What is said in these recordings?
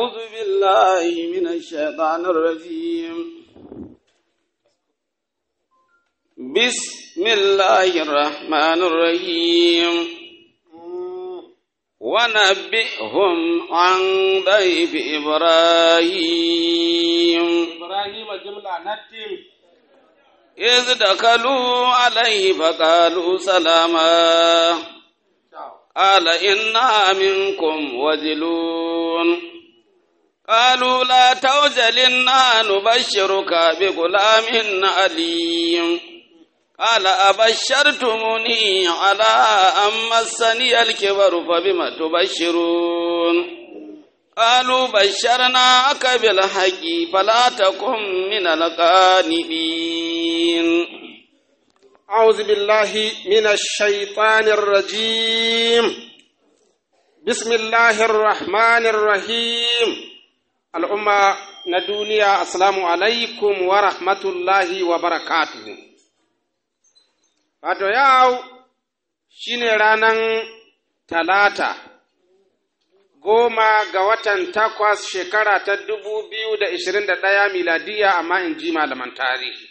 أعوذ بالله من الشيطان الرجيم بسم الله الرحمن الرحيم ونبئهم عن ضيف إبراهيم إبراهيم الجملة نتيم إذ دخلوا عليه فقالوا سلاما قال إنا منكم وجلون قالوا لا توجل إنا نبشرك بغلام عليم قال أبشرتموني على أن مسني الكبر فبما تبشرون قالوا بشرناك بالحق فلا تكن من القانبين أعوذ بالله من الشيطان الرجيم بسم الله الرحمن الرحيم al'umma na duniya asalamu alaikum wa rahmatullahi wa barakatuhu wato yau shine ranar talata goma ga watan takwas shekara ta dubu biyu da ishirin da ɗaya miladiya amma in ji malaman tarihi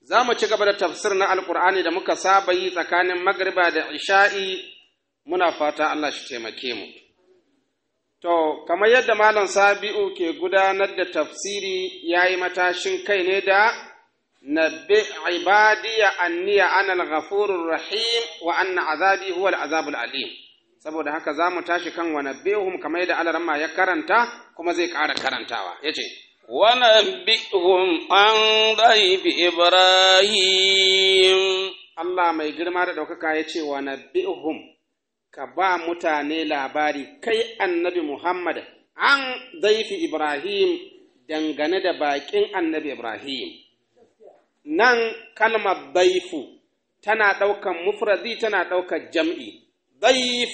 za mu ci gaba da tafsir na alkur'ani da muka saba yi tsakanin magariba da isha'i muna fata allah shi taimake mu To, kamar yadda Malam Sabi'u ke gudanar da tafsiri ya yi matashin kai ne da na ibadiya anniya anal ghafurur rahim wa anna azabi huwal azabul alim. Saboda haka za mu tashi kan wa nabbihum kamar yadda Alarama ya karanta kuma zai ƙara karantawa. Ya ce, Wa nabbihum an ɗaifi Ibrahim. Allah mai girma da ɗaukaka ya ce wa nabbihum ka ba mutane labari kai annabi Muhammad an zaifi Ibrahim dangane da baƙin annabi Ibrahim. Nan kalmar zaifu tana ɗaukan mufradi tana ɗaukan jam'i, zaif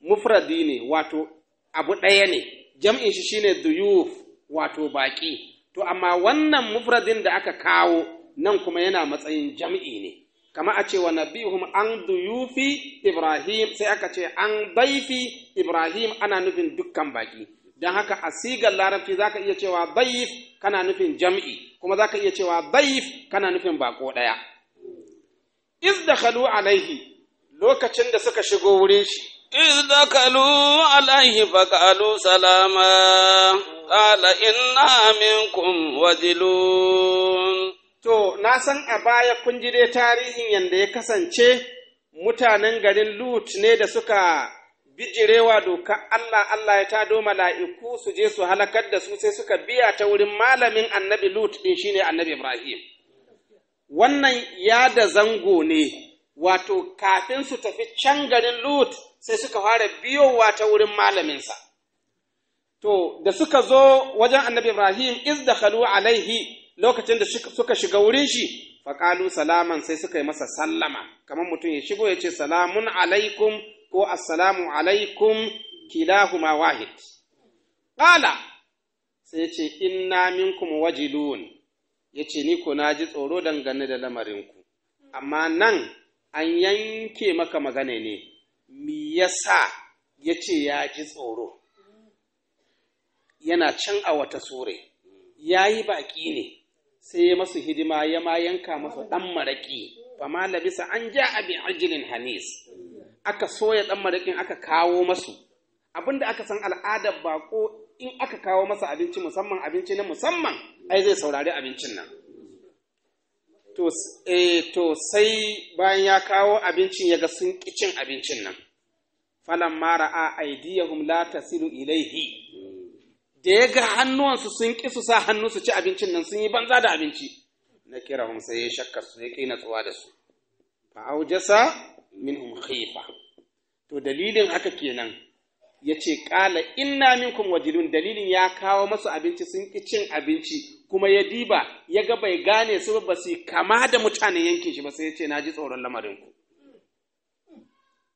mufradi ne wato abu ɗaya ne, jam'in shi shine duyuf wato baƙi, to amma wannan mufradin da aka kawo nan kuma yana matsayin jam'i ne. kama a ce wa nabihum an duyufi ibrahim sai aka ce an daifi ibrahim ana nufin dukkan baki don haka a sigar larabci za ka iya cewa daif kana nufin jam'i kuma za ka iya cewa daif kana nufin bako ɗaya iz da alaihi lokacin da suka shigo wurin shi iz da khalu alaihi faƙalu salama ina inna minkum wajilun To, na san a baya kun ji dai tarihin yadda ya kasance mutanen garin Lut ne da suka bijirewa doka Allah Allah ya tado mala'iku su je su halakar da su sai suka biya ta wurin malamin annabi Lut ɗin shine annabi Ibrahim. Wannan ya da zango ne, wato kafin su tafi can garin Lut sai suka fara biyowa ta wurin malaminsa. To, da suka zo wajen annabi Ibrahim, iz da alaihi lokacin da suka shiga wurin shi faƙalu salaman sai suka yi masa sallama kamar mutum ya shigo ya ce salamun alaikum ko assalamu alaikum kilahuma wahid ƙala sai ya ce inna minkum wajilun ya ce ni ko na ji tsoro dangane da lamarinku amma nan an yanke maka magana ne mi yasa ya ce ya ji tsoro yana can a wata sure ya yi baƙi ne sai masu hidima ya ma yanka masu ɗan maraƙi fama bisa an ja abin ajilin hanis aka soya ɗan maraƙin aka kawo masu abinda aka san al'adar bako in aka kawo masa abinci musamman abinci na musamman ai zai saurari abincin nan to, eh, to sai bayan ya kawo abincin ya ga sun cin abincin nan falan mara a aidiyahum la tasilu ilaihi da ya ga hannuwansu sun ƙi su sa hannu su ci abincin nan sun yi banza da abinci na kira hun sai ya shakka su ya ƙi natsuwa da su fa aujasa minhum khifa to dalilin haka kenan ya ce ƙala inna minkum wajilun dalilin ya kawo masu abinci sun ƙi cin abinci kuma ya diba ya ga bai gane su ba su kama da mutanen yankin shi ba sai ya ce na ji tsoron lamarinku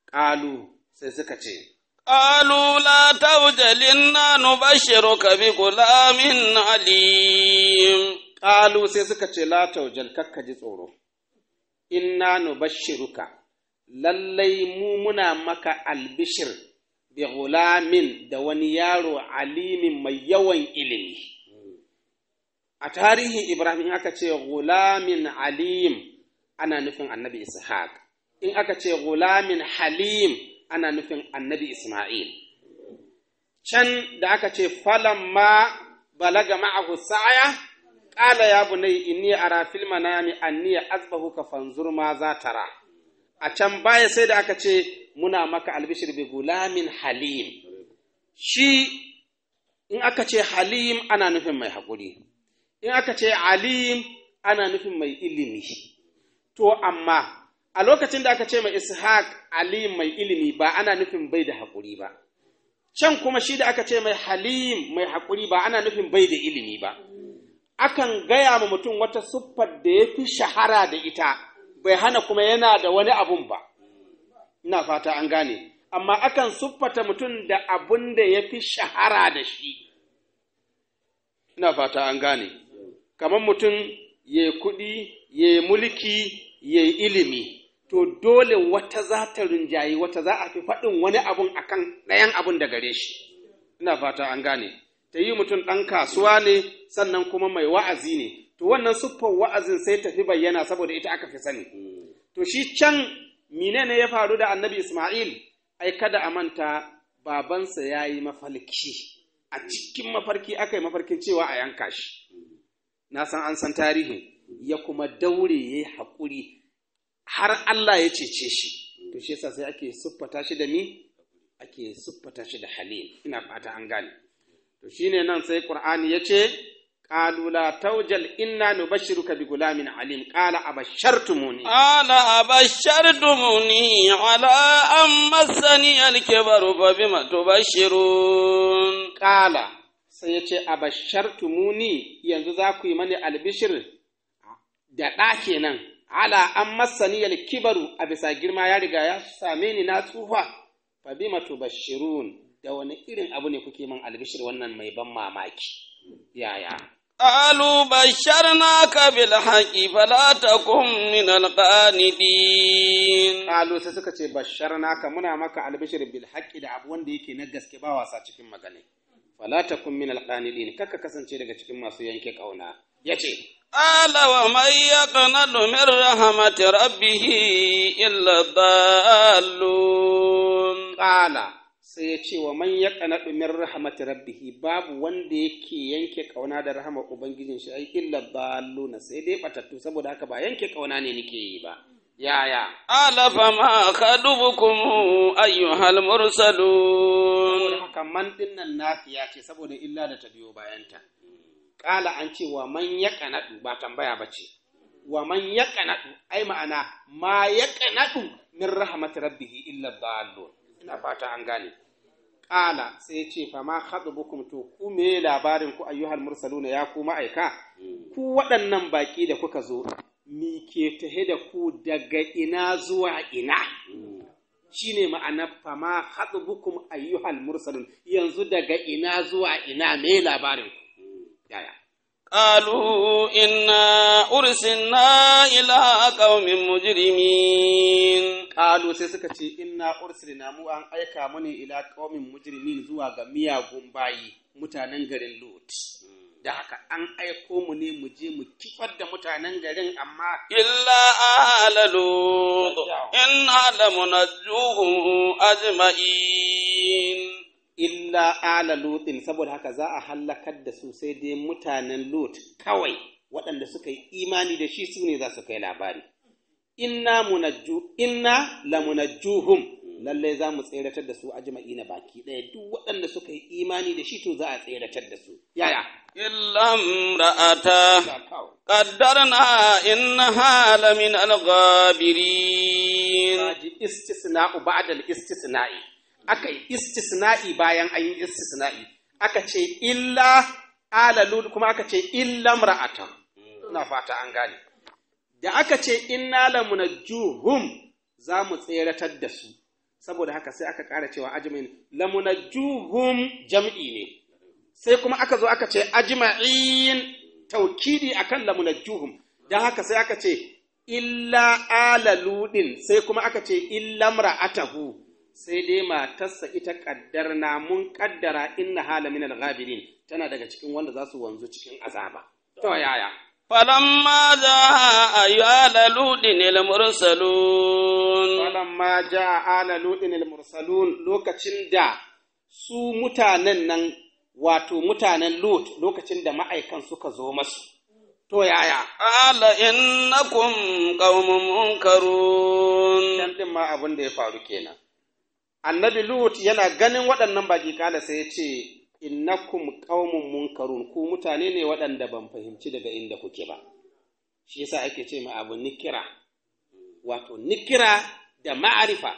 ƙalu sai suka ce قالوا لا توجل إنا نبشرك بغلام عليم قالوا سيسكة لا توجل ككجي صورو إنا نبشرك للي مومنا مكا البشر بغلام دوانيارو عليم ميوان إلمي a tarihin ibrahim in aka ce gulamin alim ana nufin annabi ishaq in aka ce gulamin halim ana nufin annabi Ismail. Can da aka ce ma balaga ma'ahu sa'aya, ƙala ya bunai inni ara fil manami anni azbahu ka fanzur ma za tara. A can baya sai da aka ce muna maka albishir bi gulamin halim. Shi in aka ce halim ana nufin mai haƙuri, in aka ce alim ana nufin mai ilimi. To amma a lokacin da aka ce mai ishaq alim mai ilimi ba ana nufin bai da haƙuri ba can kuma shi da aka ce mai halim mai haƙuri ba ana nufin bai da ilimi ba akan gaya ma mutum wata siffar da ya fi shahara da ita bai hana kuma yana da wani abun ba ina fata an gane amma akan siffata mutum da abun da ya fi shahara da shi ina fata an gane kamar mutum ya kuɗi ya mulki ya yi ilimi to dole wata za ta rinjayi wata za a fi faɗin wani abun akan ɗayan abun da gare shi ina fata an gane ta yi mutum ɗan kasuwa ne sannan kuma mai wa'azi ne to wannan siffar wa'azin sai tafi bayyana saboda ita aka fi sani to shi can menene ya faru da annabi isma'il ai kada a manta babansa ya yi mafalki a cikin mafarki aka yi mafarkin cewa a yanka shi na san an san tarihin ya kuma daure ya yi haƙuri har Allah ya cece shi to shi yasa sai ake siffata shi da ni ake siffata shi da halim ina fata an gane to shine nan sai qur'ani yace qalu la tawjal inna nubashshiruka bi gulamin alim qala abashartumuni qala abashartumuni ala am massani al-kibaru fa bima tubashshirun qala sai yace tumuni yanzu za ku yi mani albishir da ɗa kenan ala an masaniyal kibaru a bisa girma ya riga ya same ni na tsufa fa bima tubashirun da wani irin abu ne kuke man albishir wannan mai ban mamaki yaya قالوا بشرناك بالحق فلا min من القانتين sai suka ce basharnaka muna maka albishir bil haqi da abu wanda yake na gaske ba wasa cikin magana fala takum min alqanidin kaka kasance daga cikin masu yanke kauna yace قال ومن يقنط من رحمة ربه إلا الضالون قال sai ya ce wa man ya kanadu min rahmat babu wanda yake yanke ƙauna da rahama ubangijin shi ai illa balluna sai dai batattu saboda haka ba yanke ƙauna ne nake yi ba yaya ala fa ma khadubukum ayyuhal mursalun haka man dinnan nafiya ce saboda illa da ta biyo bayanta ƙala an ce wa man ya ƙanaɗu ba tambaya ba ce wa man ya ƙanaɗu ai ma'ana ma ya ƙanaɗu min rahmat rabbihi illa dallun ina fata an gane ƙala sai ce fa ma bukum to ku me labarin ku ayyuhal mursaluna ya kuma aika? ku waɗannan baƙi da kuka zo mi ke tahe da ku daga ina zuwa ina shine ma'ana fa ma bukum ayyuhal mursalun yanzu daga ina zuwa ina me labarin ku Alu inna ursin na ila kaumin mujirimin. Alu sai suka ce inna ursin na mu an aika muni ila kaumin mujirimin zuwa ga miyagun bayi mutanen garin Loti. Hmm. Da haka an aiko mu ne mu je mu kifar da mutanen garin amma. Illa alalo in alamu na juhun ajima'in. illa ala lutin saboda haka za a hallakar da su sai dai mutanen lut kawai waɗanda suka yi imani da shi su ne za su kai labari inna munajju inna lamunajjuhum lallai za mu tseratar da su na baki ɗaya duk waɗanda suka yi imani da shi to za a tseratar da su yaya illam ra'ata qaddarna innaha lamin al-ghabirin istisna'u ba'da al-istisna'i aka yi istisna'i bayan an yi istisna'i aka ce illa alalud kuma aka ce illa ra'atan ina fata an gane da aka ce inna lamunajjuhum za mu tseratar da su saboda haka sai aka ƙara cewa ajmain lamunajjuhum jam'i ne sai kuma aka zo aka ce ajma'in taukidi akan lamunajjuhum dan haka sai aka ce illa alaludin sai kuma aka ce illa mra'atahu sai dai matarsa ita kaddar na mun ƙaddara inna hala min al-ghabirin tana daga cikin wanda za su wanzu cikin azaba to yaya falamma jaa ala ludin al-mursalun falamma ja ala ludin al lokacin da su mutanen nan wato mutanen lut lokacin da ma'aikan suka zo masu to yaya ala innakum qaumun munkarun dan din ma abin da ya faru kenan annabi lut yana ganin waɗannan baƙi kala sai ya ce innakum qaumun munkarun ku mutane ne waɗanda ban fahimci daga inda kuke ba shi yasa ake ce mai abu nikira wato nikira da ma'arifa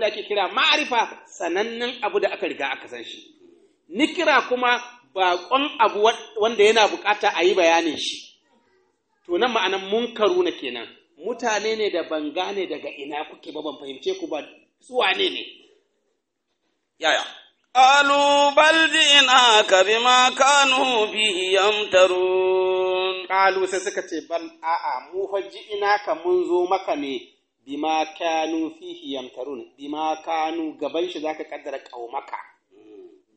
da ake kira ma'arifa sanannen abu da aka riga aka san shi nikira kuma baƙon abu wanda yana bukata a yi bayanin shi to nan ma'anan munkaru na kenan mutane ne da ban gane daga ina kuke ba ban fahimce ku ba su wane ne yaya qalu bal ji'naka bima kanu bi yamtarun sai suka ce bal a'a mu fa ka mun zo maka ne bima kanu fihi yamtarun bima kanu gaban shi zaka kaddara kaumaka.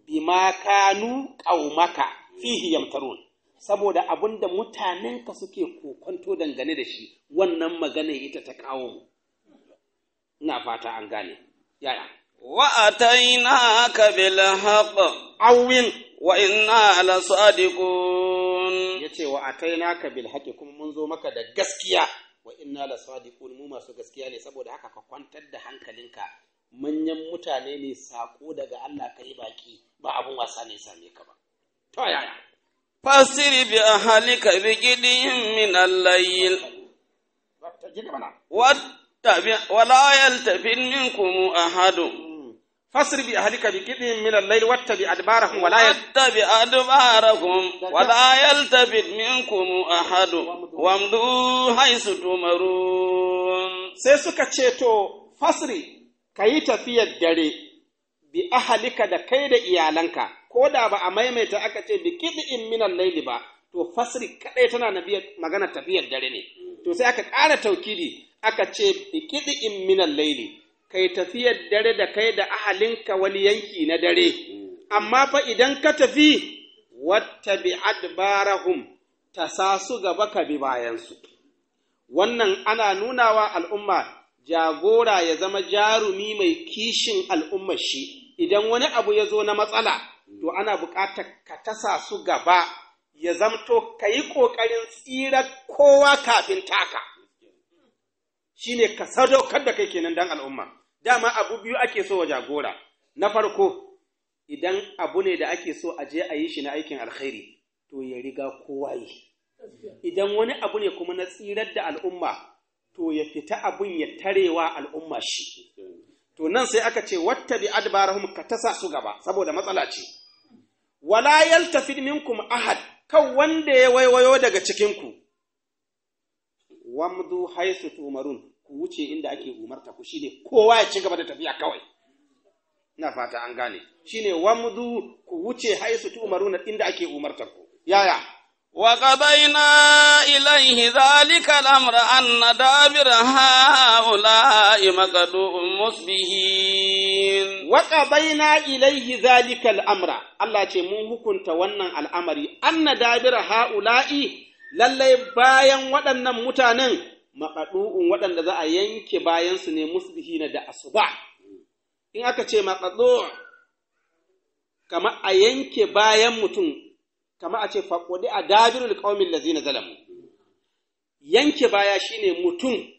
bima kanu kaumaka fihi yamtarun saboda abinda mutanenka suke kokonto dangane da shi wannan magana ita ta kawo mu ina fata an gane yaya وأتيناك بالحق عوين وإنا لصادقون يتي وأتيناك mun zo maka da gaskiya wa inna la sadiqun mu masu gaskiya ne saboda haka ka kwantar da hankalinka manyan mutane ne sako daga Allah ka yi baki ba abun wasa ne same ka ba to yaya fasiri bi ahlika bi gidin min al-layl wala yaltafin minkum ahadun Fasri bi ahalika bikin ɗin min lalle watabi a dabaraku walayal. Watabi a dabaraku. Walayal dabit ni in kunu a hadu. Wamdu haisu tu Sai suka ce to fasri ka yi tafiyar dare bi ahalika da kai da iyalanka, ko da ba a maimaita aka ce bi kiɗi in minan laili ba, to fasri kaɗai tana da magana tafiyar dare ne. to sai aka ƙara ɗaukidi aka ce bi kiɗi in minan laili. kai tafiyar dare da kai da ahalinka wani yanki na dare amma fa idan ka tafi wattabi adbarahum ta sa su gaba ka bi bayansu wannan ana nuna wa al'umma jagora ya zama jarumi mai kishin al'umma shi idan wani abu ya zo na matsala to ana buƙatar ka tasa su gaba ya zamto ka yi ƙoƙarin tsira kowa kafin taka shine ka sadaukar da kai kenan dan al'umma dama abu biyu ake so wa jagora na farko idan abu ne da ake so a je a yi shi na aikin alkhairi to ya riga kowa yi idan wani abu ne kuma na tsirar da al'umma to ya fita abun ya tarewa al'umma shi to nan sai aka ce wata bi adbarahum ka tasa su gaba saboda matsala ce wala yaltafid minkum ahad kan wanda ya waiwayo daga cikinku wamdu haisu tumarun wuce inda ake umarta ku shine kowa ya ci gaba da tafiya kawai ina fata an gane shine wamdu ku wuce haisu umaruna inda ake umarta ku yaya wa qabaina ilaihi zalika al amra anna dabir haula'i maqdu'un musbihin wa qabaina ilaihi zalika al-amra Allah ce mun hukunta wannan al'amari anna dabira haula'i lallai bayan waɗannan mutanen makaɗu'un waɗanda za a yanke bayansu ne musbihina da asuba in aka ce makaɗu kama a yanke bayan mutum kama a ce faƙoɗi a dajirul ƙaumin da zina zalamu yanke baya shine mutum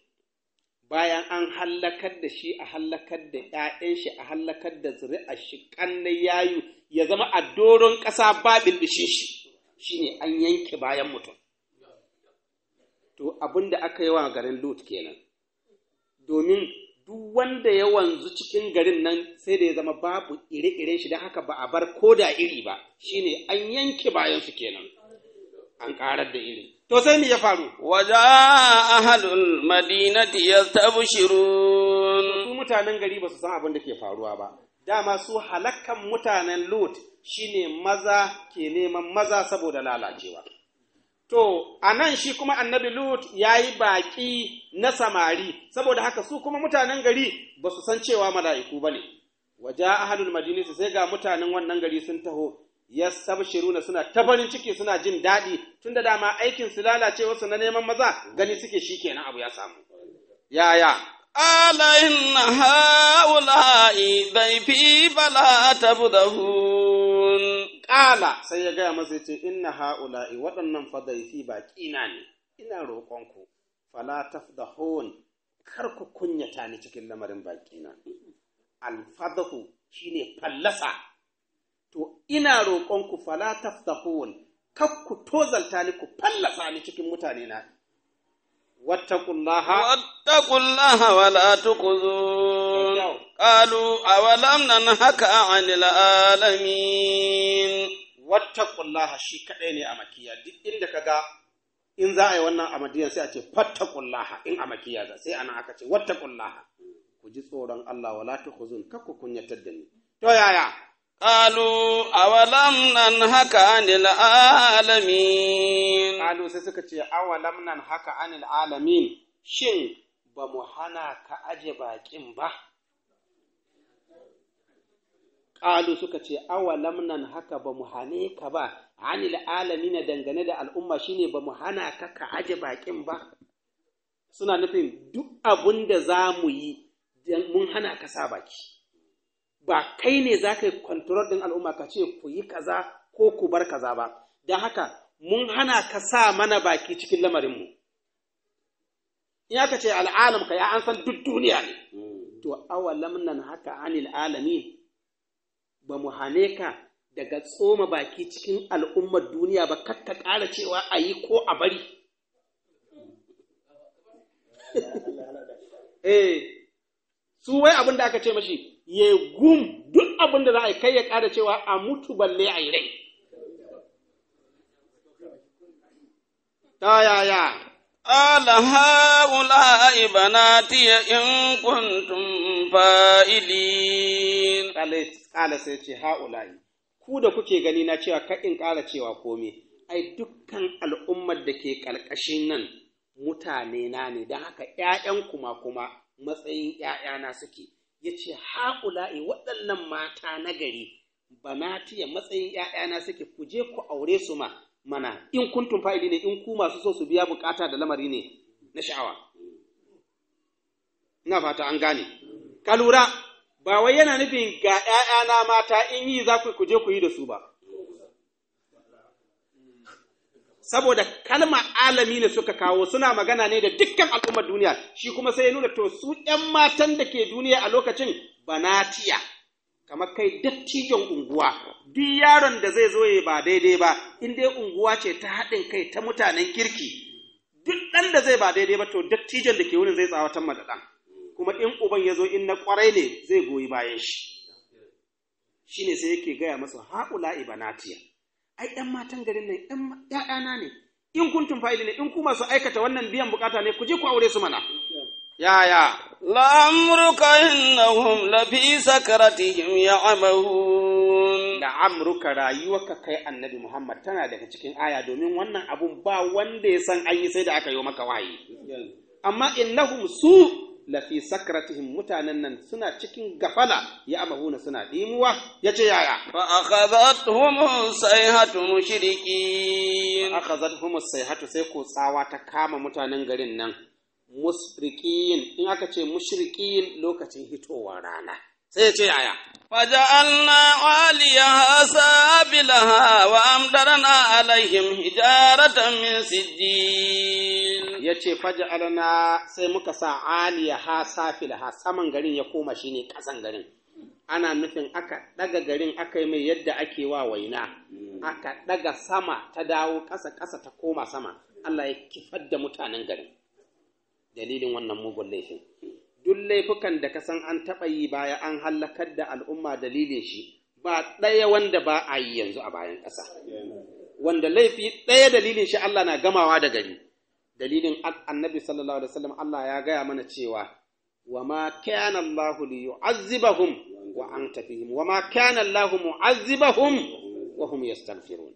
bayan an hallakar da shi a hallakar da ‘ya'yan shi a hallakar da zuri'a shi ƙannai yayu ya zama a doron ƙasa babin bilbishin shi shine an yanke bayan mutum to abin da aka yi wa garin Lut kenan domin duk wanda ya wanzu cikin garin nan sai da ya zama babu ire-iren shi don haka ba a bar ko da iri ba shine an yanke bayan su kenan an karar da iri to sai me ya faru waja ahlul madinati yastabshirun su mutanen gari ba su san abin da ke faruwa ba dama su halakkan mutanen Lut shine maza ke neman maza saboda lalacewa To, a nan shi kuma annabi Lut ya yi baƙi na samari, saboda haka su kuma mutanen gari ba su san cewa mala'iku ba ne. Waje ahalul madini sai ga mutanen wannan gari sun taho, ya na suna tabarin ciki suna jin daɗi, tun da dama aikin su lalace wasu na neman maza gani suke shi kenan abu ya samu. Yaya, ala inna ha'ula'i dhaifi bala tabdahu in ƙala sai ya gaya masa ce inna ha'ula'i waɗannan fadaifi baƙina ne ina roƙonku fala tafdahun kar ku kunyata ni cikin lamarin baƙina alfadahu shine fallasa to ina roƙonku fala tafdahun kar ku tozalta ni ku fallasa ni cikin mutane na واتقوا الله واتقوا الله ولا تخزون قالوا أولم ننهك عن العالمين واتقوا الله شي كدين أمكيا دي إنك in za a yi wannan amadiyar sai a ce fattakullaha in a za sai ana aka ce wattakullaha ku ji tsoron Allah wala tukhuzun kakku kunyatar da ni to yaya Alu awalam nan haka anil alamin. Alu sai suka ce awalam nan haka anil alamin shin ba mu hana ka aje baƙin ba. Ƙalu suka ce awalam nan haka ba mu hane ka ba anil na dangane da al'umma shine ba mu hana ka ka aje baƙin ba. Suna nufin duk abun da za mu yi mun hana ka sa baki. ba kai ne za ka yi kwantarar ɗin al'umma ka ce ku yi kaza ko ku bar kaza ba don haka mun hana ka sa mana baki cikin lamarinmu in aka ce al'alam ka ya an san duk duniya ne to awalam nan haka anil alami ba mu hane ka daga tsoma baki cikin al'ummar duniya ba kar ƙara cewa a yi ko a bari eh, su wai abin da aka ce mashi ya gum duk abin da za a yi kai ya ƙara cewa a mutu balle a yi rai ta yaya ala haula'i in kuntum fa’ili. Kala sai ce yi, ku da kuke gani na cewa ka in ƙara cewa komai ai dukkan al'ummar da ke ƙarƙashin nan mutane na ne don haka ‘ya'yan kuma kuma matsayin ‘ya'yana suke ya ce haƙula'i waɗannan mata na gari banatiya matsayin ‘ya'yana suke kuje ku aure su ma mana in kuntun fa'ili ne in ku masu so su biya bukata da lamari ne na sha'awa ina fata an gane ka lura ba wai yana nufin ga ‘ya'yana mata in yi za ku kuje ku yi da su ba saboda kalma alami ne suka kawo suna magana ne da dukkan al'ummar duniya shi kuma sai ya nuna to su ‘yan matan da ke duniya a lokacin banatiya kamar kai dattijon unguwa duk yaron da zai zo ya ba daidai ba in dai unguwa ce ta haɗin kai ta mutanen kirki duk ɗan da zai ba daidai ba to dattijon da ke wurin zai tsawatan ma da ɗan kuma in uban ya zo in na kwarai ne zai goyi bayan shi shine sai yake gaya masu haƙula ibanatiya ai ɗan matan garin nan ɗan ‘ya'yana ne in kun fa'ili ne in ku masu aikata wannan biyan bukata ne ku je ku aure su mana yaya la'amruka innahum lafi sakaratihim ya'mahun la'amruka rayuwarka kai annabi muhammad tana daga cikin aya domin wannan abun ba wanda ya san an yi sai da aka yi maka waye. amma innahum su lafi sakratihim mutanen nan suna cikin gafala ya amahuna suna dimuwa ya ce yaya fa akhadhatuhum sayhatu mushrikin sayhatu sai ko tsawa ta kama mutanen garin nan musrikin in aka ce mushrikin lokacin hitowar rana sai ce yaya وجعلنا sabilaha wa amdarana alaihim hijaratan min سجيل yace faj'alna sai muka sa aliyaha safilaha saman garin ya koma shine kasan garin ana nufin aka daga garin aka yi mai yadda ake wa waina aka daga sama ta dawo ƙasa ƙasa ta koma sama Allah ya kifar da mutanen garin dalilin wannan mugun laifin duk laifukan da ka san an taɓa yi baya an hallakar da al'umma dalilin shi ba ɗaya wanda ba a yi yanzu a bayan ƙasa wanda laifi ɗaya dalilin shi Allah na gamawa da gari dalilin annabi sallallahu alaihi wasallam Allah ya gaya mana cewa wa ma kana Allah li yu'azzibahum wa anta fihim wa ma kana Allah mu'azzibahum wa hum yastaghfirun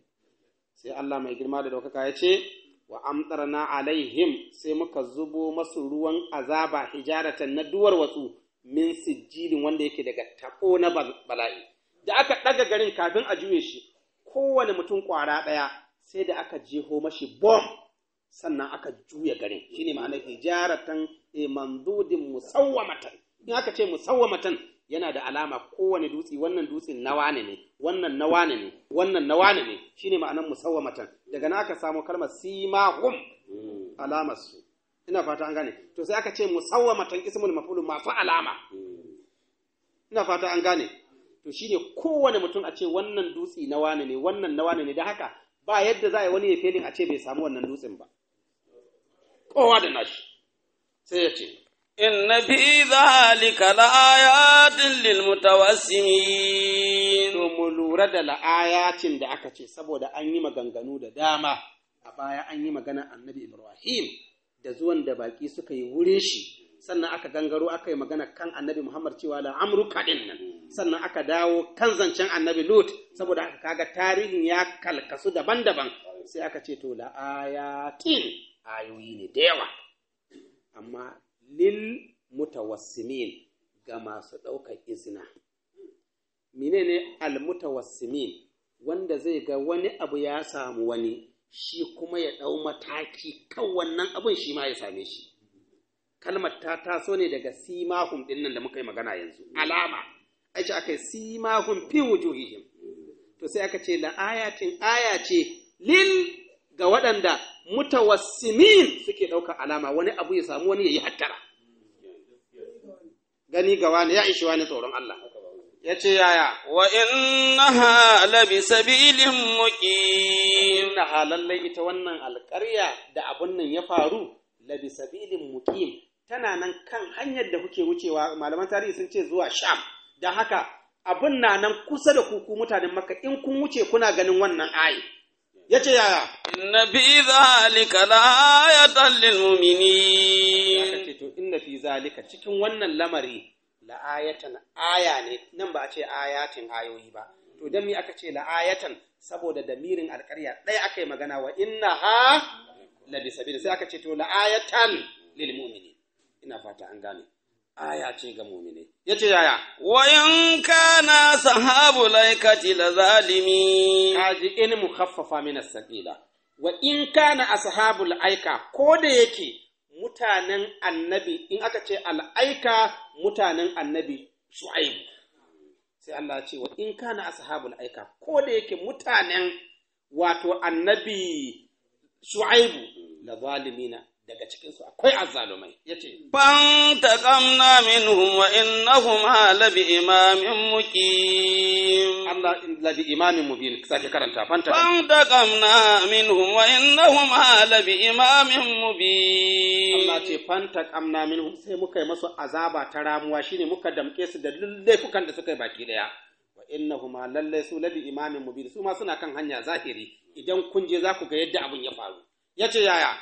sai Allah mai girma da daukaka ya ce wa amtarna alaihim sai muka zubo masu ruwan azaba hijaratan na duwar watsu min sijilin wanda yake daga tako na bala'i da aka daga garin kafin a juye shi kowane mutum kwara daya sai da aka jeho mashi bom sannan aka juya garin shine ma'anar hijaratan e musawwamatan in aka ce musawwamatan yana da alama kowane dutse wannan dutsen na wane ne wannan na wane ne wannan na wane ne shine ma'anar musawwamatan daga na aka samu kalmar simahum alamar su ina fata an gane to sai aka ce musawwamatan ismul maf'ul masu alama ina fata an gane to shine kowane mutum a ce wannan dutse na wane ne wannan na wane ne da haka ba yadda za a yi wani ya felin a ce bai samu wannan dutsen ba kowa da nashi sai ya ce إن في ذلك لآيات للمتوسمين وملورة لآيات da aka ce saboda an yi maganganu da dama a baya an yi magana annabi Ibrahim da zuwan da baki suka yi wurin shi sannan aka gangaro aka yi magana kan annabi Muhammad cewa la amru kadin nan sannan aka dawo kan zancen annabi Lut saboda aka kaga tarihin ya kalkasu daban-daban sai aka ce to la ayatin ayoyi ne da yawa amma lil mutawassimin ga masu ɗaukar izina menene al mutawassimin wanda zai ga wani abu ya samu wani shi kuma ya ɗau mataki kan wannan abun shi ma ya same shi kalmar ta taso ne daga simahun ɗin da muka yi magana yanzu alama aice aka yi simahum fi wujuhihim to sai aka ce la ayatin aya ce lil ga waɗanda mutawassimin suke ɗaukar alama wani abu ya samu wani ya yi hattara gani ga wani ya ishi wani tsoron Allah ya ce yaya wa inna labi sabilin muqim innaha halallai ita wannan alƙarya da abun nan ya faru labi sabilin muƙi tana nan kan hanyar da kuke wucewa malaman tarihi sun ce zuwa sham don haka abun na nan kusa da kuku mutanen maka in kun wuce kuna ganin wannan ayi yace yaya inna fi zalika la'ayatan lil mu'minin ce to inna fi zalika cikin wannan lamari la'ayatan aya ne nan ba a ce ayatin ayoyi ba to dan mi aka ce la'ayatan saboda damirin alƙarya ɗaya aka yi magana wa inna ha la bisabila sai aka ce to la'ayatan lil mumini. ina fata an gane aya ce ga ya ce yaya wayan kana sahabu laikati la zalimi kaji in mukhaffafa min as-saqila wa in kana al aika ko da yake mutanen annabi in aka ce al-aika mutanen annabi shu'aibu sai Allah ce wa in kana al aika ko da yake mutanen wato annabi shu'aibu la zalimina daga cikinsu akwai azzalumai ya ce fantaqamna minhum wa innahum labi imamin muqim Allah labi imamin mubin sake karanta fantaqamna minhum wa innahum labi imamin mubin Allah ce fantaqamna minhum sai muka yi masu azaba ta ramuwa shine muka damke su da laifukan da suka yi baki daya wa innahum lallai su labi imamin mubin su ma suna kan hanya zahiri idan kun je za ku ga yadda abun ya faru ya ce yaya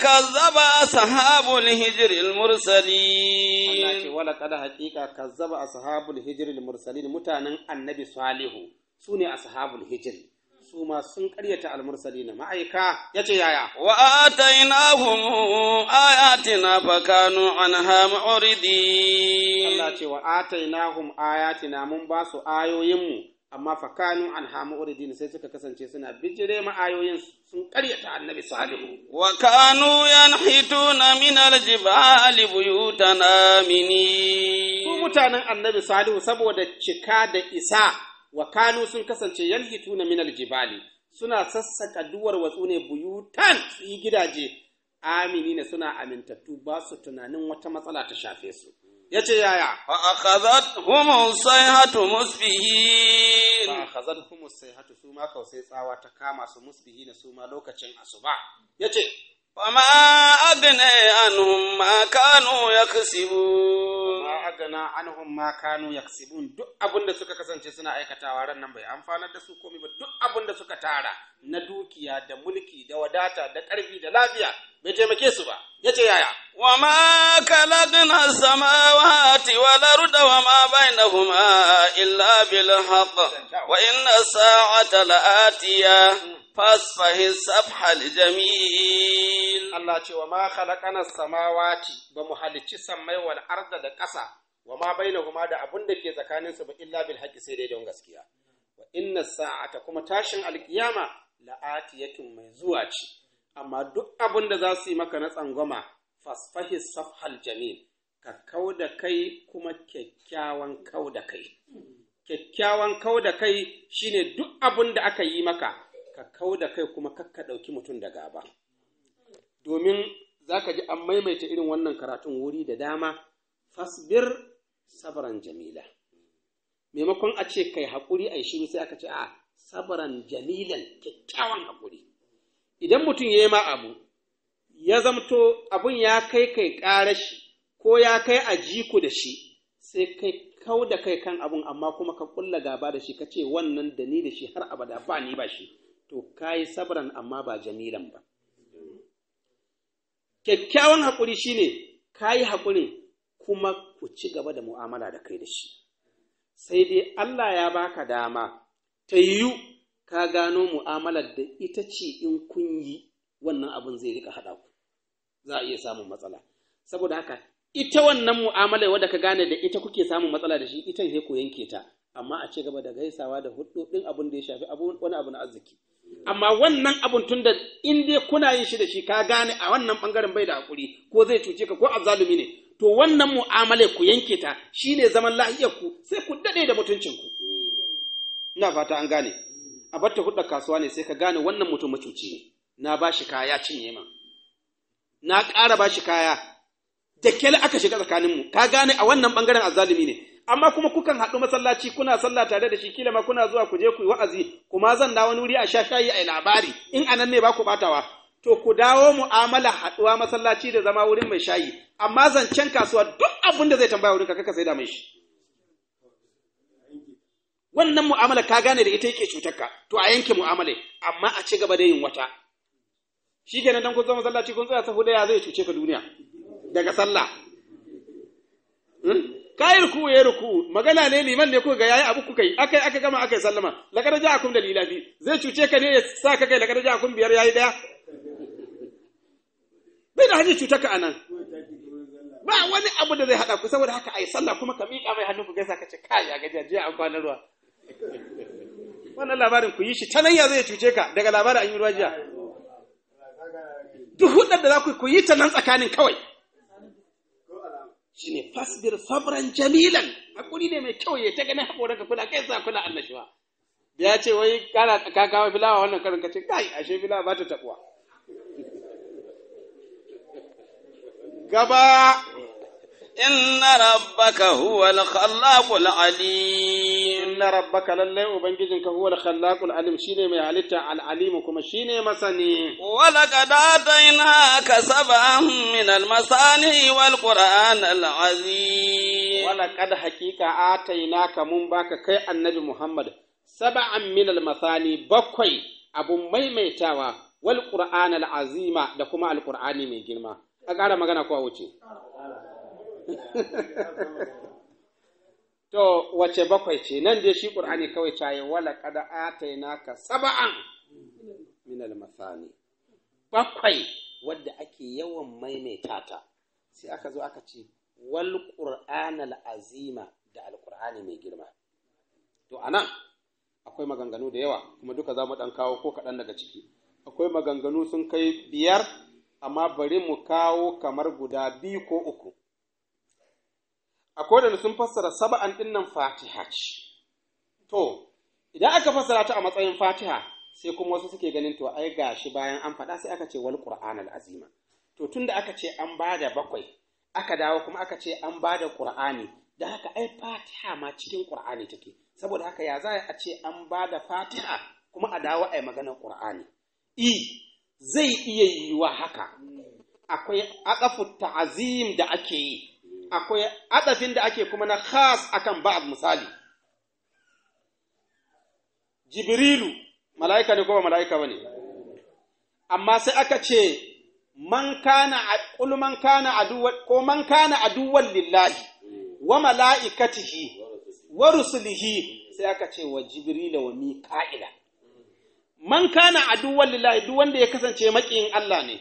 ka zaba ashabul hijril mursalin wala kada walaƙad haƙiƙa zaba ashabul hijril mursali mutanen annabi salihu su ne ashabul hijr su ma sun ƙaryata al-mursalin ma'aika ya ce yaya wa atainahum ayatina fakanu anha mu'ridin Allah ce wa atainahum ayatina mun ba su ayoyinmu amma fakanu an hamu uridin sai suka kasance suna bijire ma'ayoyin sun karyata annabi salihu wa kanu yanhituna min aljibali buyutan amini su mutanen annabi salihu saboda cika da isa wa kanu sun kasance yanhituna min aljibali suna sassaka duwar watsu ne buyutan su yi gidaje amini ne suna amintattu ba su tunanin wata matsala ta shafe su ya ce yaya fa akhazat humu sayhatu musbihin fa akhazat humu sayhatu su ma kausai tsawa ta kama su musbihin su ma lokacin asuba yace فما أغنى عنهم ما كانوا يكسبون ما أغنى عنهم ما كانوا يكسبون duk abin da suka kasance suna aikatawa ran nan bai amfanar da su komai ba duk abin da suka tara na dukiya da mulki da wadata da ƙarfi da lafiya bai taimake su ba yace yaya wa ma kalaqna samawati wal arda wa ma bainahuma illa bil haqq wa inna sa'ata la'atiya فاصفه Safhal Jamil. Allah ce wa ma khalaqana samawati ba mu halicci samai wal arda da ƙasa wa ma bainahuma da abun da ke tsakanin su ba illa bil haqqi sai dai don gaskiya wa inna sa'ata kuma tashin alkiyama la'atiyatun mai zuwa ce amma duk abun da za su yi maka na tsangwama fasfahi safhal jamil ka kau da kai kuma kyakkyawan kau da kai kyakkyawan kau da kai shine duk abun da aka yi maka ka kau da kai kuma kakka ɗauki mutum da gaba domin za ka ji an maimaita irin wannan karatun wuri da dama fasbir sabran jamila maimakon a ce kai haƙuri a shiru sai aka ce a sabran jamilan kyakkyawan haƙuri idan mutum ya yi ma abu ya zamto abun ya kai kai shi, ko ya kai a jiku da shi sai kai kau da kai kan abun amma kuma ka ƙulla gaba da shi ka ce wannan da ni da shi har abada ba ni ba shi to kayi sabran amma ba jamilan ba kyakkyawan haƙuri shine kayi haƙuri kuma ku ci gaba da mu'amala da kai da shi sai dai Allah ya baka dama ta yiwu ka gano mu'amalar da ita ce in kun yi wannan abin zai rika haɗa ku za a iya samun matsala saboda haka ita wannan mu'amalar wadda ka gane da ita kuke samun matsala da shi ita ne ku yanke ta amma a ci gaba da gaisawa da hudu ɗin abin da ya shafi wani abu na arziki amma wannan abun tun da in dai kuna yin shi da shi ka gane a wannan bangaren bai da hakuri ko zai cuce ka ko azzalumi ne to wannan mu'amala ku yanke ta shine zaman lahiyar ku sai ku dade da mutuncin ku ina fata an gane a batta hudda kasuwa ne sai ka gane wannan mutum macuci ne na bashi kaya cinye ma na ƙara bashi kaya da kyale aka shiga tsakaninmu ka gane a wannan bangaren azzalumi ne amma kuma kukan haɗu masallaci kuna sallah tare da shi kila ma kuna zuwa ku je ku yi wa'azi kuma zan dawo wani wuri a sha shayi a labari in anan ne ba ku batawa to ku dawo mu'amala haɗuwa masallaci da zama wurin mai shayi amma zancen kasuwa duk abin da zai tambaya wurin ka sai da mai shi wannan mu'amala ka gane da ita yake cutarka to a yanke mu'amala amma a ci gaba da yin wata shi kenan dan kun zama masallaci kun tsaya sahu ya zai cuce ka duniya daga sallah hmm? kai ruku ya ruku magana ne liman ne kuka ga yayi abu kuka yi akai aka gama akai sallama lakad ja'akum dalila fi zai cuce ka ne ya sa ka kai lakad ja'akum biyar yayi daya bai da hanyar cutar ka anan ba wani abu da zai hada ku saboda haka ai sallah kuma ka miƙa mai hannu ku gaisa ka ce kai ya gaji jiya an kwana ruwa wannan labarin ku yi shi ta ya zai cuce ka daga labarin an yi ruwa jiya duk hudar da za ku yi ta nan tsakanin kawai ne fasbir sabran jamilan hakuri ne mai kyau ya ta ganin hakoranka kula kai sa kula annashuwa ya ce wai kana ka kawo filawa wannan karin ka ce kai ashe filawa ba ta tabuwa gaba inna rabbaka huwa al-khallaqul alim inna rabbaka ubangijin ka huwa al-khallaqul alim shine mai halitta al-alim kuma shine masani wa laqad ataina kasaban min al-masani wal qur'an al-azim wa laqad haqiqa ataina ka mun baka kai annabi muhammad saban min al-masani bakwai abun maimaitawa wal qur'an al da kuma Alƙur'ani mai girma a magana ko wuce To, wace bakwai ce, nan dai shi ƙur'ani kawai caye wala kada ataina ka saba'an minal masani. Bakwai wadda ake yawan maimaita ta, sai aka zo aka ce, wal ƙur'an azima da alƙur'ani mai girma. To, a nan akwai maganganu da yawa, kuma duka za mu ɗan kawo ko kaɗan daga ciki. Akwai maganganu sun kai biyar, amma bari mu kawo kamar guda biyu ko uku. akwai da sun fassara saba'an dinnan fatiha ce to idan aka fassara ta a matsayin fatiha sai kuma wasu suke ganin to ai gashi bayan an faɗa sai aka ce wal qur'an al azima to tunda aka ce an bada bakwai aka dawo kuma aka ce an bada qur'ani da haka ai fatiha ma cikin qur'ani take saboda haka ya za a ce an bada fatiha kuma a dawo ai maganar qur'ani i zai iya yiwuwa haka akwai aqafu ta'azim da ake yi akwai adafin da ake kuma na khas akan ba'd misali jibrilu mala'ika ne ko ba mala'ika bane amma sai aka ce man kana qul man kana aduwa ko man kana aduwwan lillahi wa mala'ikatihi wa rusulihi sai aka ce wa jibrila wa mika'ila man kana aduwwan lillahi duk wanda ya kasance makiyin Allah ne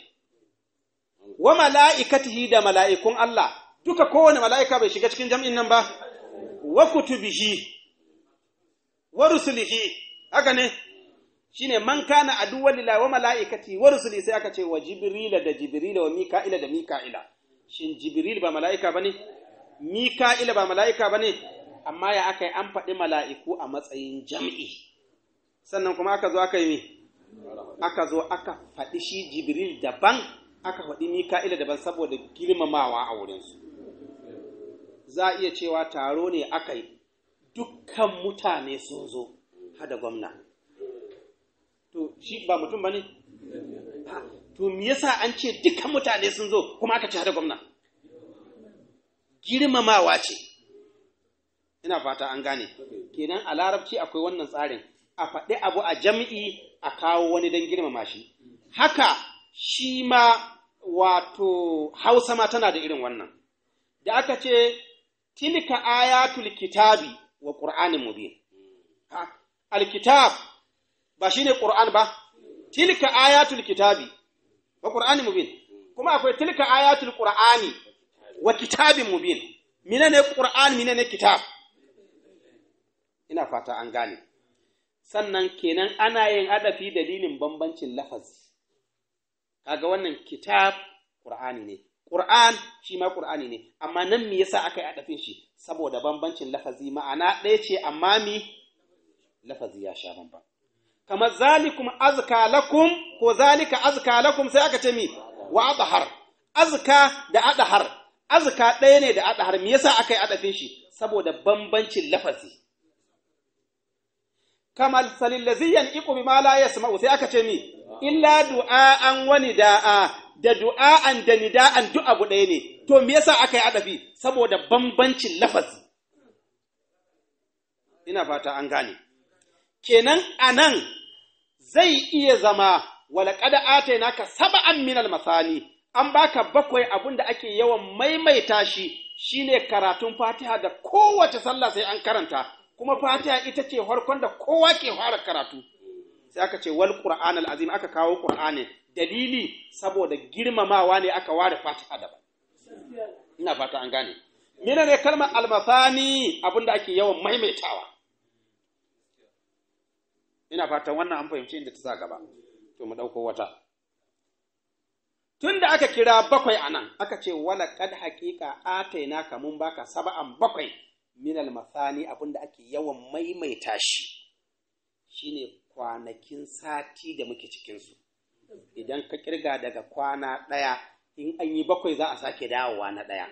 wa mala'ikatihi da mala'ikun Allah duka kowane mala'ika bai shiga cikin jam'in nan ba wa bihi, wa rusulihi haka ne Shi ne man kana a lillahi wa mala'ikati wa rusuli sai aka ce wa jibrila da jibrila wa mika'ila da mika'ila shin jibril ba mala'ika ba ne, mika'ila ba mala'ika ba ne? amma ya aka yi an faɗi mala'iku a matsayin jam'i sannan kuma aka zo aka yi mi aka zo aka faɗi shi jibril daban aka faɗi mika'ila daban saboda girmamawa a wurinsu za a iya cewa taro ne aka yi dukkan mutane sun zo hada gwamna to shi ba mutum ba ne to me yasa an ce dukkan mutane sun zo kuma aka ce hada gwamna girmamawa ce ina fata an gane kenan a larabci akwai wannan tsarin a faɗi abu a jam'i a kawo wani don girmama shi haka shi ma wato hausa ma tana da irin wannan da aka ce tilka ayatul kitabi wa qur'anin mubin ha alkitab ba shine qur'an ba tilka ayatul kitabi wa qur'anin mubin kuma akwai tilka ayatul qur'ani wa kitabin mubin menene qur'an menene kitab ina fata an gane sannan kenan ana yin adafi dalilin bambancin lafazi kaga wannan kitab qur'ani ne Ƙur'an, shi ma Ƙur'ani ne amma nan me yasa aka yi a ɗafin shi saboda bambancin lafazi ma'ana ɗaya ce amma mi lafazi ya sha bamban kamar zalikum azka lakum ko zalika azka sai aka ce mi wa adhar azka da adhar azka ɗaya ne da adhar me yasa aka yi a ɗafin shi saboda bambancin lafazi kamar salillazi yan'iqu bima la yasma'u sai aka ce mi illa du'a'an wani da'a da du'a'an da nida'an duk abu ɗaya ne to me yasa aka yi adafi saboda bambancin lafazi ina fata an gane kenan anan zai iya zama walaƙad atainaka saba'an minal masani an baka bakwai abun da ake yawan maimaita shi shine karatun Fatiha da kowace sallah sai an karanta kuma Fatiha ita ce harkon da kowa ke fara karatu sai aka ce wal qur'an al azim aka kawo qur'ani dalili saboda girmamawa ne aka ware fatiha daban ina fata an gane mene ne kalmar almasani abinda ake yawan maimaitawa ina fata wannan an fahimci inda ta sa gaba to mu dauko wata tunda aka kira bakwai anan aka ce wala kad haqiqa ataina ka mun baka sab'an bakwai min almasani abinda ake yawan maimaita shi shine kwanakin sati da muke cikinsu idan ka kirga daga kwana ɗaya in an yi bakwai za a sake dawowa na ɗaya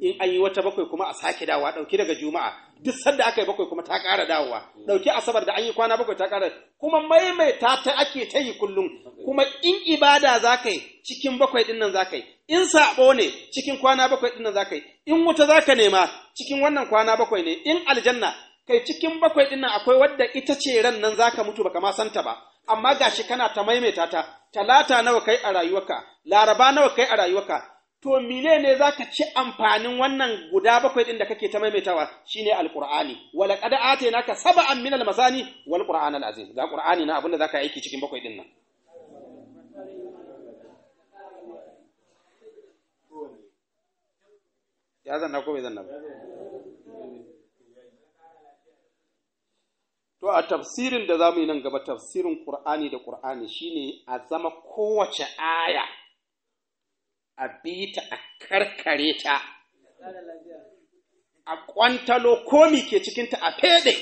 in an yi wata bakwai kuma a sake dawowa ɗauki daga juma'a duk sanda aka yi bakwai kuma ta ƙara dawowa ɗauki asabar da an yi kwana bakwai ta ƙara kuma maimaita ta ake ta yi kullum kuma in ibada za ka yi cikin bakwai ɗin nan za ka yi in saɓo ne cikin kwana bakwai ɗin nan za ka yi in wuta za ka nema cikin wannan kwana bakwai ne in aljanna kai cikin bakwai ɗin nan akwai wadda ita ce ran nan ka mutu baka ma santa ba amma gashi kana ta maimaita ta talata nawa kai a rayuwarka laraba nawa kai a rayuwarka to mile ne za ka ci amfanin wannan guda bakwai ɗin da kake ta maimaitawa shine alqur'ani wala qad atainaka sab'an min almasani wal qur'anal azim Da qur'ani na abinda zaka aiki cikin bakwai ɗin nan ya zanna ko bai zanna ba To a tafsirin da zamu yi nan gaba tafsirin Qur'ani da Qur'ani shine a zama kowace aya a bita a karkare ta a kwantalo komi ke cikinta a fede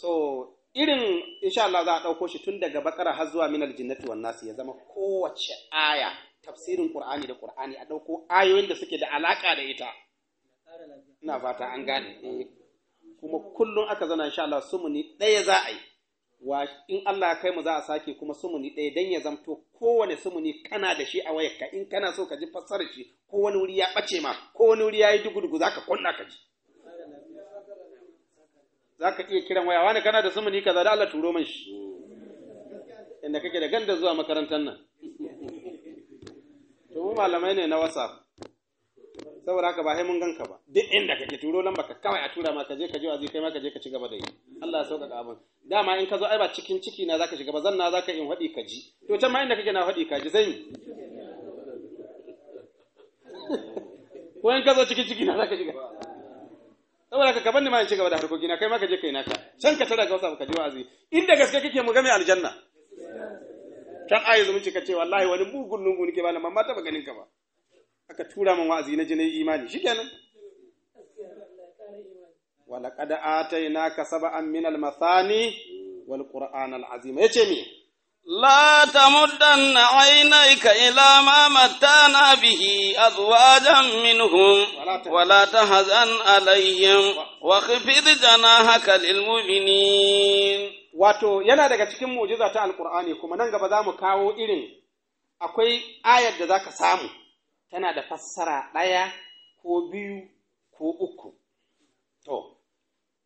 so irin insha Allah za a ɗauko shi tun daga bakara har zuwa minal jinnati wan nasi ya zama kowace aya tafsirin Qur'ani da Qur'ani a ɗauko ayoyin da suke da alaka da ita ina fata an gane eh. kuma kullum aka zana insha Allah sumuni ɗaya za a yi wa in Allah ya kai mu za a sake kuma sumuni ɗaya dan ya zamto kowane sumuni kana da shi a wayarka in kana so ka ji fassarar shi ko wani wuri ya ɓace ma ko wani wuri ya yi dugudugu za ka kunna ka ji za ka iya kiran waya wani kana da sumuni kaza da Allah turo man shi inda kake da ganda zuwa makarantar nan to mu malamai ne na WhatsApp saboda haka ba sai mun ganka ba duk inda kake turo lamba ka kawai a tura ma ka je ka ji kai ma ka je ka ci gaba da yi Allah ya sauƙaƙa abin dama in ka zo ai ba cikin ciki na zaka shiga ba zan na zaka in haɗi ka ji to can ma inda kake na haɗi ka ji zan yi ko in ka zo cikin ciki na zaka shiga saboda ka kaban ni ma in ci gaba da harkoki na kai ma ka je kai naka can ka tara ga wasa ka ji wazi inda gaske kake mu game aljanna can ayi zumunci ka ce wallahi wani mugun lungu nake ba na mamma ta ba ganin ka ba aka tura min wa'azi na jinin imani shikenan walaqad atainaka sab'an min al-mathani wal qur'an al-azim yace mi la tamuddanna aynaka ila ma matana bihi azwajan minhum wala tahzan alayhim wa khfid janahaka lilmu'minin wato yana daga cikin mu'jiza ta al-qur'ani kuma nan gaba za mu kawo irin akwai ayar da zaka samu tana da fassara ɗaya ko biyu ko uku to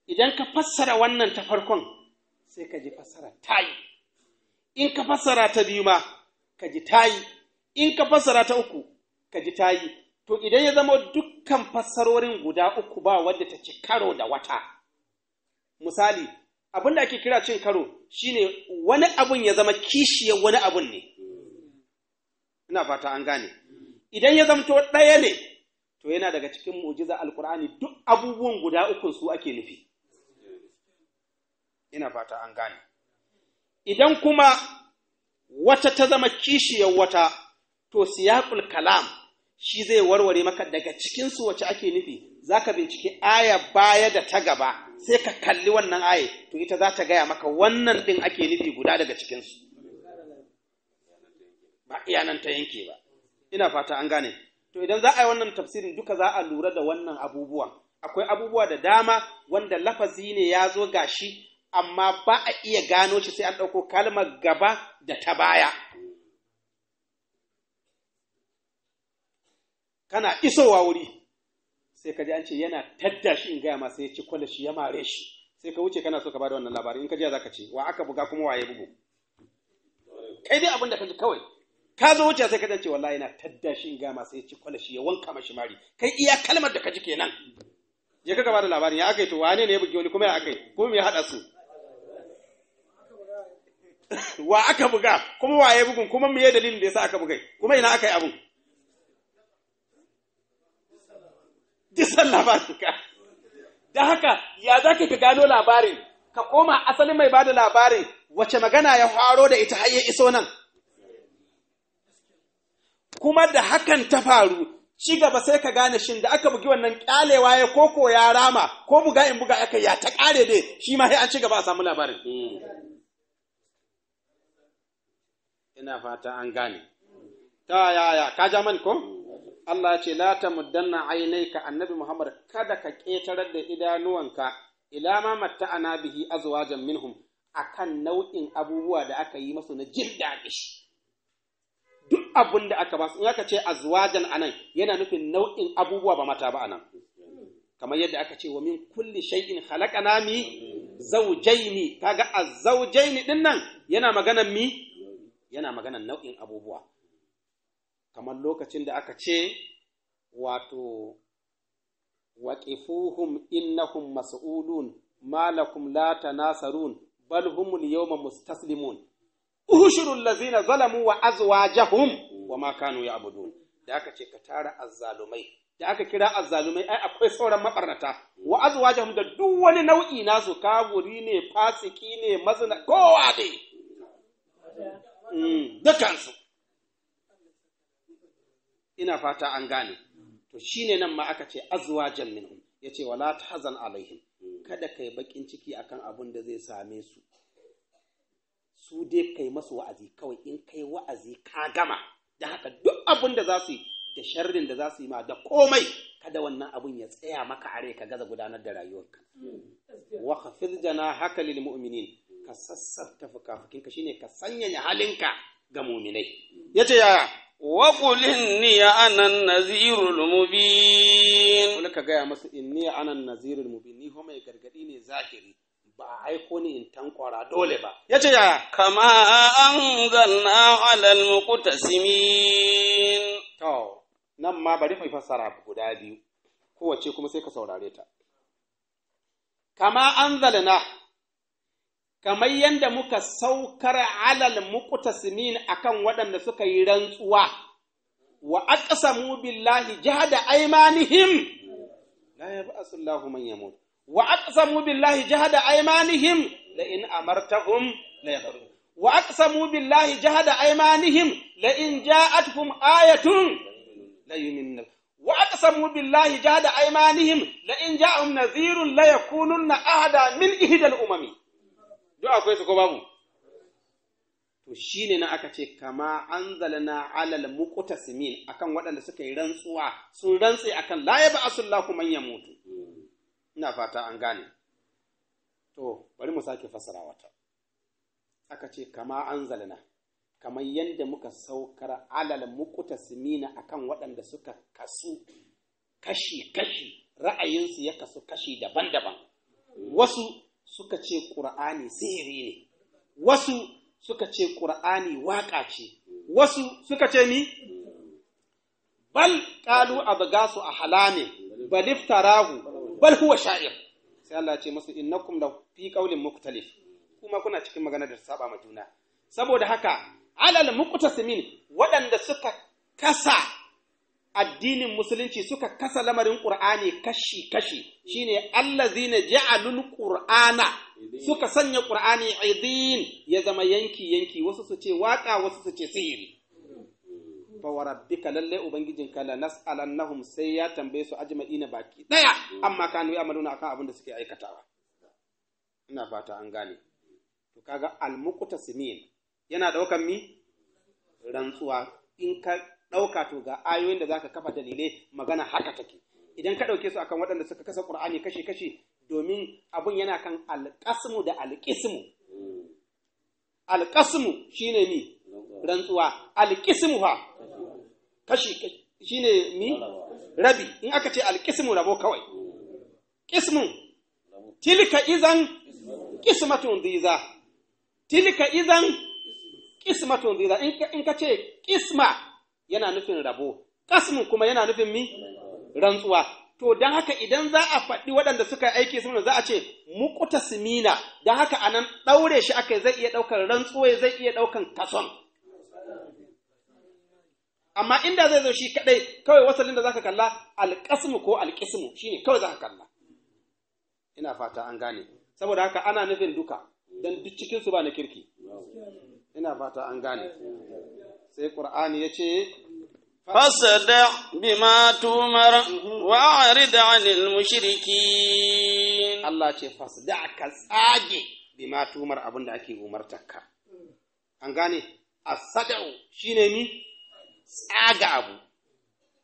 idan ka fassara wannan ta farkon sai ka ji fassara ta yi, in ka fassara ta biyu ma ka ji ta yi, in ka fassara ta uku ka ji ta yi. to idan ya zama dukkan fassarorin guda uku ba wadda ta ci karo da wata misali abin da ake kira cin karo shine wani abun ya zama kishiyar wani abun ne ina fata an gane idan ya zamto ɗaya ne to yana daga cikin mu'jiza alkur'ani duk abubuwan guda ukun su ake nufi ina fata an gane idan kuma wata ta zama kishiyar wata to siyaƙul kalam shi zai warware maka daga cikin su wace ake nufi za ka bincike aya baya da ta gaba sai ka kalli wannan aya to ita za ta gaya maka wannan ɗin ake nufi guda daga cikin su ba iyanan ta yanke ba ina fata an gane to idan za a yi wannan tafsirin duka za a lura da wannan abubuwan akwai abubuwa da dama wanda lafazi ne ya zo gashi amma ba a iya gano shi sai an ɗauko kalmar gaba da ta baya kana isowa wuri sai ka ji an ce yana tadda in gaya masa ya ci shi ya mare shi sai ka wuce kana so ka bada wannan labarin in ka ji za ka ce wa aka buga kuma waye bugu kai dai abin da ka ji kawai ka zo wuce sai ka dace wallahi yana tadda shi in gama sai ya ci kwalashi ya wanka mashi mari kai iya kalmar da ka ji kenan je ka gaba da labarin ya aka yi to wane ne ya bugi wani kuma ya akai, kuma me ya haɗa su wa aka buga kuma wa ya bugun kuma me dalilin da yasa aka bugai kuma ina aka yi abun disan labarin ka da haka ya za ka gano labarin ka koma asalin mai bada labarin wace magana ya faro da ita har ya iso nan kuma da hakan ta faru ci gaba sai ka gane shin da aka bugi wannan kyalewa ya koko ya rama ko buga in buga aka ya ta kare dai shi ma sai an ci gaba a samu labarin ina fata an gane ta yaya ka ja man ko Allah ya ce la tamuddanna ainaika annabi Muhammad kada ka ketarar da idanuwanka ila ma matta'ana bihi azwajan minhum akan nau'in abubuwa da aka yi masu na jin shi abin da aka ba su in aka ce azwajan anan yana nufin nau'in abubuwa ba mata ba anan kamar yadda aka ce wa min kulli shay'in khalaqana mi zawjaini kaga azwjaini din nan yana magana mi yana magana nau'in abubuwa kamar lokacin da aka ce wato waqifuhum innahum mas'ulun malakum la tanasarun bal humul yawma mustaslimun uhushurul lazina zalamu wa azwajahum wa ma kanu ya'budun da aka ce ka tara azzalumai da aka kira azzalumai ai akwai sauran mabarnata wa azwajahum da duk wani nau'i nasu kaguri ne fasiki ne mazna kowa dai mm, dukansu ina fata an gane to shine nan ma aka ce azwajan minhum yace wala tahzan alaihim kada kai bakin ciki akan abun da zai same su su dai kai masu wa'azi kawai in kai wa'azi ka gama da haka duk abin da za su yi da sharrin da za su yi ma da komai kada wannan abin ya tsaya maka are ka gaza gudanar da rayuwarka wa khafid jana haka lil mu'minin ka sassafta fukafukinka shine ka sanyaya halinka ga mu'minai yace yaya wa qul inni ana nazirul mubin ka gaya masu inni ana nazirul mubin ni ho mai gargadi ne zahiri ba a aiko ni in tankwara dole ba ya ce yaya kama an zanna alal simin. to nan ma bari mai fassara guda biyu kowace kuma sai ka saurare ta kama an zalna kamar yadda muka saukar alal a kan waɗanda suka yi rantsuwa wa aqsamu billahi jahada aimanihim la yab'asu Allahu man yamut wa aqsamu billahi jahada aymanihim la in amartahum la yakhrujun wa aqsamu billahi jahada aymanihim la in ja'atkum ayatun la yu'minun wa aqsamu billahi jahada aymanihim la in ja'ahum nadhirun la ahada akwai su ko babu to shine na aka ce kama an na alal muqtasimin akan waɗanda suka yi rantsuwa sun rantse akan la ya manyan man ina fata an gane to bari mu sake fassara wata aka ce kama an zalina kamar yadda muka saukar alal mukuta simina akan waɗanda suka kasu kashi kashi ra'ayinsu ya kasu kashi daban-daban wasu suka ce ƙura'ani sihiri ne wasu suka ce ƙura'ani waƙa ce wasu suka ce ni bal a abgasu ahlamin bal iftarahu bal huwa sha'ir sai Allah ya ce musu innakum la fi qawlin muktalif kuma kuna cikin magana da saba ma juna saboda haka alal muqtasimin waɗanda suka kasa addinin musulunci suka kasa lamarin qur'ani kashi kashi shine allazina ja'alul qur'ana suka sanya qur'ani aidin ya zama yanki yanki wasu su ce waka wasu su ce sihiri fa wa rabbika lalle ubangijinka la nas'alannahum sai ya tambaye su ajma'ina baki daya amma kanu ya'maluna akan abun da suke aikatawa ina fata an gane to kaga almuqtasimin yana daukan mi rantsuwa in ka dauka to ga ayoyin da zaka kafa dalilai magana haka take idan ka dauke su akan waɗanda suka kasa qur'ani kashi kashi domin abun yana kan alqasmu da alqismu alqasmu shine ni rantsuwa alqismu fa kashi shi ne mi rabi in aka ce alkismu rabo kawai ƙismun tilka izan qismatun dhiza tilka izan qismatun dhiza in ka ce kisma yana nufin rabo qasmun kuma yana nufin mi rantsuwa to don haka idan za a faɗi waɗanda suka aiki suna za a ce mukuta simina don haka anan ɗaure shi aka zai iya ɗaukar rantsuwa zai iya ɗaukar kason amma inda zai zo shi kadai kawai wasalin da zaka kalla alƙasmu ko alqismu shine kawai zaka kalla ina fata an gane saboda haka ana nufin duka dan duk cikin su ba na kirki ina fata an gane sai qur'ani yace fasda bima tumar wa arid anil mushrikin Allah ce fasda ka tsage bima tumar abinda ake umartarka an gane asadau shine ni tsaga abu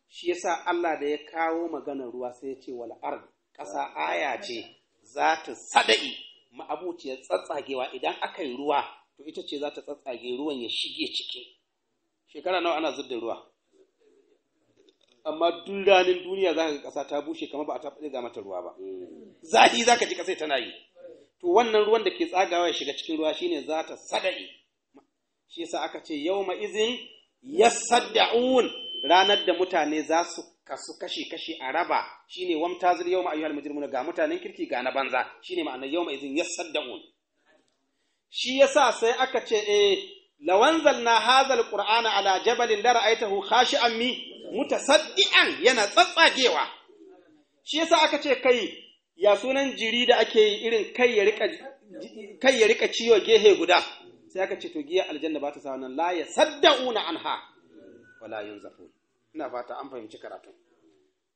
shi yasa Allah da ya kawo maganar ruwa sai ya ce wal ard ƙasa aya ce za ta sada'i ma'abuciyar tsatsagewa idan aka yi ruwa to ita ce za ta tsatsage ruwan ya shige ciki shekara nawa ana zubda ruwa amma duk ranin duniya za ka ga ƙasa ta bushe kama ba a taɓa ga mata ruwa ba zafi za ka ji ƙasai tana yi to wannan ruwan da ke tsagawa ya shiga cikin ruwa shine za ta sada'i shi yasa aka ce yau ma izin yasadda'un ranar da mutane za su kasu kashi-kashi a raba shine wamtazir yawma ayyuhal mujrimuna ga mutanen kirki ga na banza shine ma'anar yawma izin yasadda'un shi yasa sai aka ce eh lawanzalna hazal qur'ana ala jabalin la ra'aytahu khashi'an mi mutasaddian yana tsatsagewa shi yasa aka ce kai ya sunan jiri da ake yi irin kai ya rika kai ya rika ciwo gehe guda sai aka ce to giya aljanna ba ta sa wannan la ya saddauna anha wala yunzafu ina fata an fahimci karatun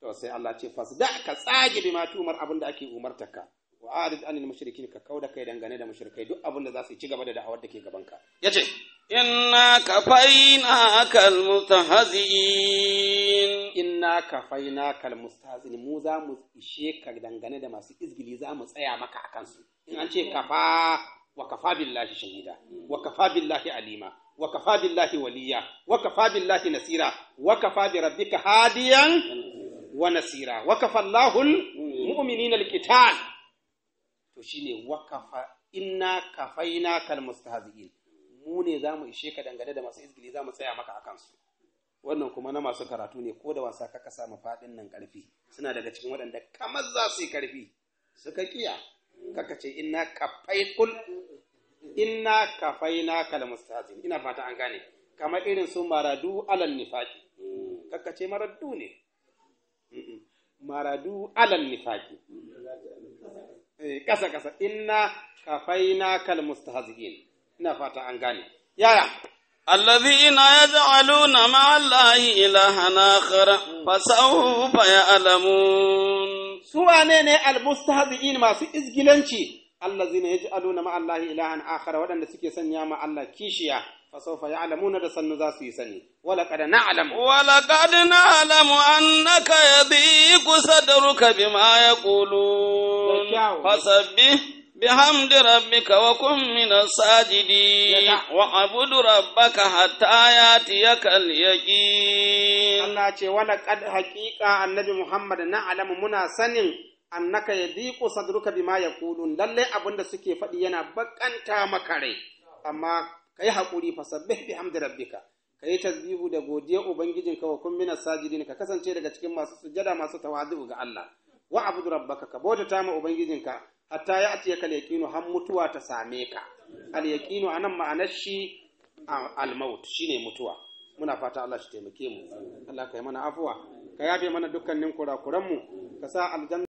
to sai Allah ce fasda ka tsage ma tumar abin da ake umartaka wa arid anil mushrikin ka kauda kai dangane da mushrikai duk abin da za su yi ci gaba da da'awar da ke gaban ka yace inna kafaina kal mutahazin inna kafaina kal mustahzi'in mu za mu ishe ka dangane da masu izgili za mu tsaya maka akan su in an ce kafa wa kafa shahida wa kafa alima wa kafa billahi waliya wa nasira wa kafa bi rabbika wa nasira wa kafa allahul mu'minina alqital to shine wa inna kafaina kal mustahzi'in mu ne zamu ishe ka dangane da masu izgili zamu tsaya maka akan su wannan kuma na masu karatu ne ko da wasa kaka samu faɗin nan karfi suna daga cikin waɗanda kamar za su yi ƙarfi suka kiya kaka ce inna kafai kul inna kafaina kal mustahzin ina fata an gane kamar irin su maradu alal nifaqi kakkace maradu ne maradu alal nifaqi eh, kasa kasa inna kafaina kal mustahzin ina fata an gane yaya الذين يجعلون مع الله إلها آخر فسوف يعلمون سواء نيني المستهزئين ما سي إزجلنشي allazina yaj'aluna ma allahi ilahan akhara waɗanda suke sanya ma Allah kishiya فسوف يعلمون رسل ذاسي سني ولقد نعلم ولقد نعلم أنك يضيق صدرك بما يقولون فسبح بحمد ربك وكن من الساجدين وعبد ربك حتى ياتيك اليقين الله ce wala kad haqiqa annabi Muhammad na alamu muna sanin annaka yadiqu sadruka bima yaqulun lalle abinda suke faɗi yana bakanta maka rai amma kai hakuri bi hamdi rabbika kai tasbihu da godiya ubangijinka wa kun minas sajidin ka kasance daga cikin masu sujada masu tawadu ga Allah wa abudu rabbaka ka ta ma ubangijin ubangijinka hatta ya atiya kal yaqinu har mutuwa ta same ka al yaqinu anan ma'anar shi al maut shine mutuwa muna fata Allah shi taimake mu Allah kai mana afuwa ka yafe mana dukkanin kurakuran mu ka sa aljanna